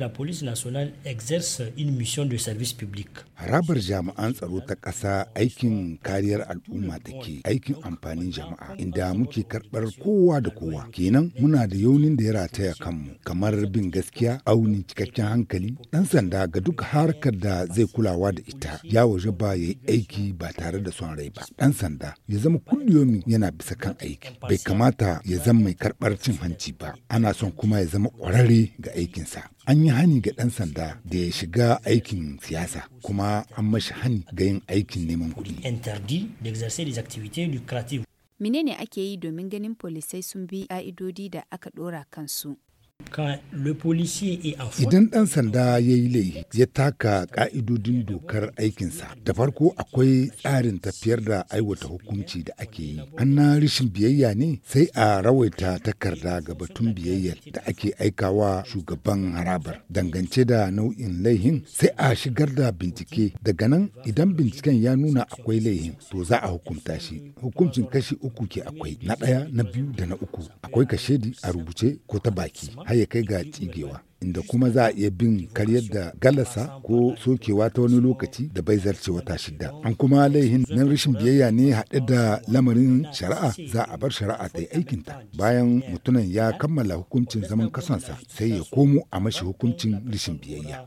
La police nationale exerce une mission de service public. Harabar jami'an tsaro ta ƙasa aikin kariyar al'umma take aikin amfanin jama'a inda muke karɓar kowa da kowa. Kenan muna da yaunin da ya rataya kanmu kamar bin gaskiya aunin cikakken hankali ɗan sanda ga duk harkar da zai kulawa da ita ya waje ba ya yi aiki ba tare da son rai ba. Ɗan sanda ya zama kulliyomi yana bisa kan aiki bai kamata ya zama mai karɓar cin hanci ba ana son kuma ya zama ƙwararre ga aikinsa. an yi hani ga ɗan sanda da ya shiga aikin siyasa kuma an mashi hani ga yin aikin neman kuɗi. Menene ake yi domin ganin polisai sun bi ƙa'idodi da aka ɗora kansu? E idan ɗan sanda ya yi laifi ya taka ƙa'idodin dokar aikinsa, da farko akwai tsarin tafiyar da aiwata hukunci da ake yi. An na rishin biyayya ne sai a rawaita takarda ga batun biyayyar da ake aikawa shugaban harabar. Dangance da nau'in laihin sai a shigar da bincike. Daga nan idan binciken ya nuna akwai laihin to za a hukunta shi. Hukuncin kashi uku ke akwai na ɗaya na biyu da na uku. Akwai kashedi a rubuce ko ta baki. har ya kai ga tsigewa. inda kuma za a iya bin karyar da galasa ko sokewa ta wani lokaci da bai zarce wata shida an kuma laihin na rashin biyayya ne haɗe da lamarin shari'a za a bar shari'a ta yi aikinta bayan mutumin ya kammala hukuncin zaman kasansa sai ya komo a mashi hukuncin rashin biyayya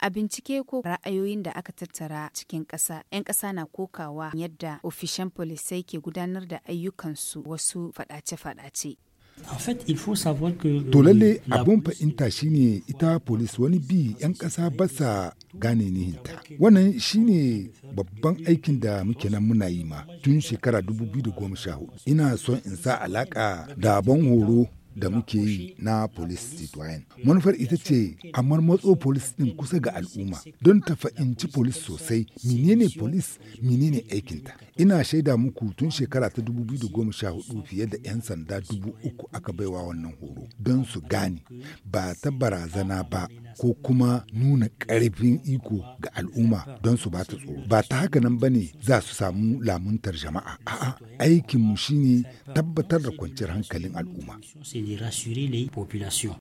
a bincike ko ra'ayoyin da aka tattara cikin ƙasa 'yan ƙasa na kokawa yadda ofishin polisai ke gudanar da ayyukansu wasu faɗace-faɗace To euh, lalle abun fa'inta shine ita polis wani bi 'yan ƙasa basa gane nihinta. Wannan shine babban aikin da muke nan muna yi ma tun shekara 2014. Ina son in sa alaƙa da ban horo da muke yi na police citoyen manufar ita ce a marmatso police din kusa ga al'umma don ta fa'inci police sosai menene police menene aikinta ina shaida muku tun shekara ta 2014 fiye da 'yan sanda dubu uku aka baiwa wannan horo don su gane ba ta barazana ba ko kuma nuna ƙarfin iko ga al'umma don su ba ta tsoro ba ta haka nan ba ne za su samu lamuntar jama'a a'a aikinmu shine tabbatar da kwanciyar hankalin al'umma